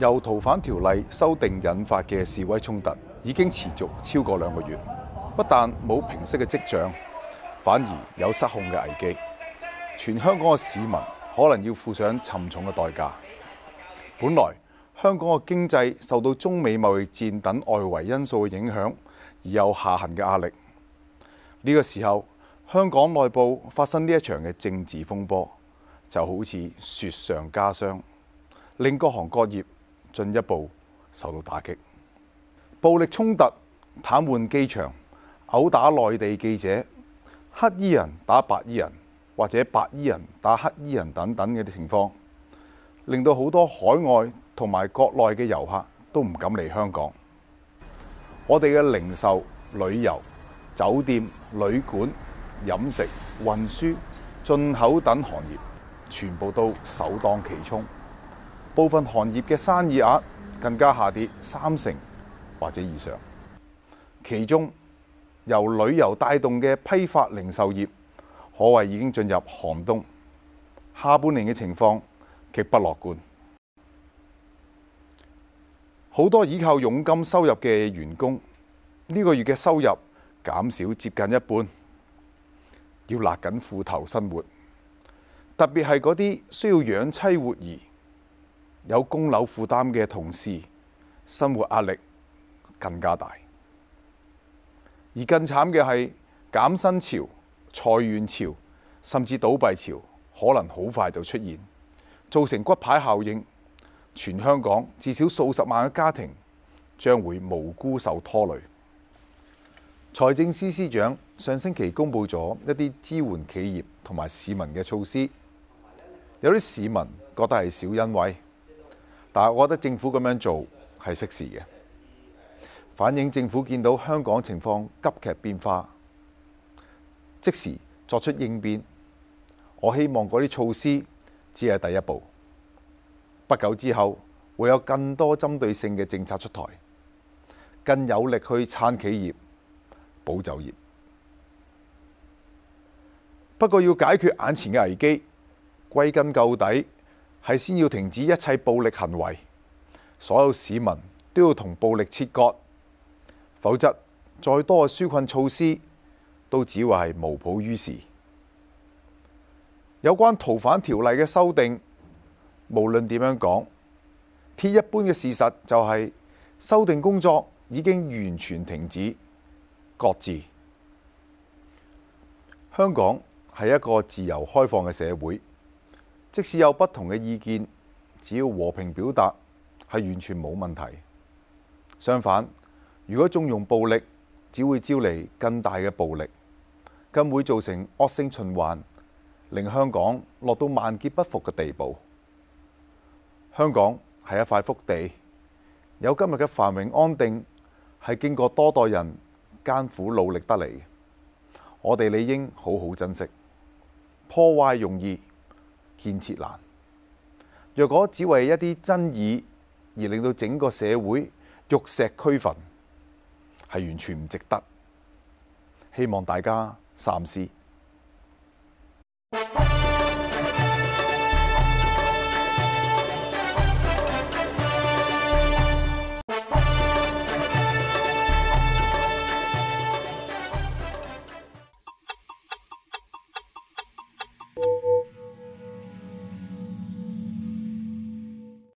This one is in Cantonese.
由逃犯條例修訂引發嘅示威衝突已經持續超過兩個月，不但冇平息嘅跡象，反而有失控嘅危機。全香港嘅市民可能要付上沉重嘅代價。本來香港嘅經濟受到中美貿易戰等外圍因素嘅影響，而有下行嘅壓力。呢個時候，香港內部發生呢一場嘅政治風波，就好似雪上加霜，令各行各業進一步受到打擊，暴力衝突、癱瘓機場、毆打內地記者、黑衣人打白衣人或者白衣人打黑衣人等等嘅情況，令到好多海外同埋國內嘅遊客都唔敢嚟香港。我哋嘅零售、旅遊、酒店、旅館、飲食、運輸、進口等行業，全部都首當其衝。部分行業嘅生意額更加下跌三成或者以上，其中由旅遊帶動嘅批發零售業，可謂已經進入寒冬。下半年嘅情況極不樂觀，好多依靠佣金收入嘅員工呢個月嘅收入減少接近一半，要勒緊褲頭生活。特別係嗰啲需要養妻活兒，有供樓負擔嘅同事，生活壓力更加大，而更慘嘅係減薪潮、裁員潮，甚至倒閉潮，可能好快就出現，造成骨牌效應，全香港至少數十萬嘅家庭將會無辜受拖累。財政司司長上星期公布咗一啲支援企業同埋市民嘅措施，有啲市民覺得係小恩惠。啊，我覺得政府咁樣做係適時嘅，反映政府見到香港情況急劇變化，即時作出應變。我希望嗰啲措施只係第一步，不久之後會有更多針對性嘅政策出台，更有力去撐企業、保就業。不過要解決眼前嘅危機，歸根究底。係先要停止一切暴力行為，所有市民都要同暴力切割，否則再多嘅紓困措施都只會係無補於事。有關逃犯條例嘅修訂，無論點樣講，鐵一般嘅事實就係修訂工作已經完全停止。各自香港係一個自由開放嘅社會。即使有不同嘅意見，只要和平表達，係完全冇問題。相反，如果縱容暴力，只會招嚟更大嘅暴力，更會造成惡性循環，令香港落到萬劫不復嘅地步。香港係一塊福地，有今日嘅繁榮安定，係經過多代人艱苦努力得嚟嘅，我哋理應好好珍惜。破壞容易，建設難，若果只為一啲爭議而令到整個社會玉石俱焚，係完全唔值得。希望大家三思。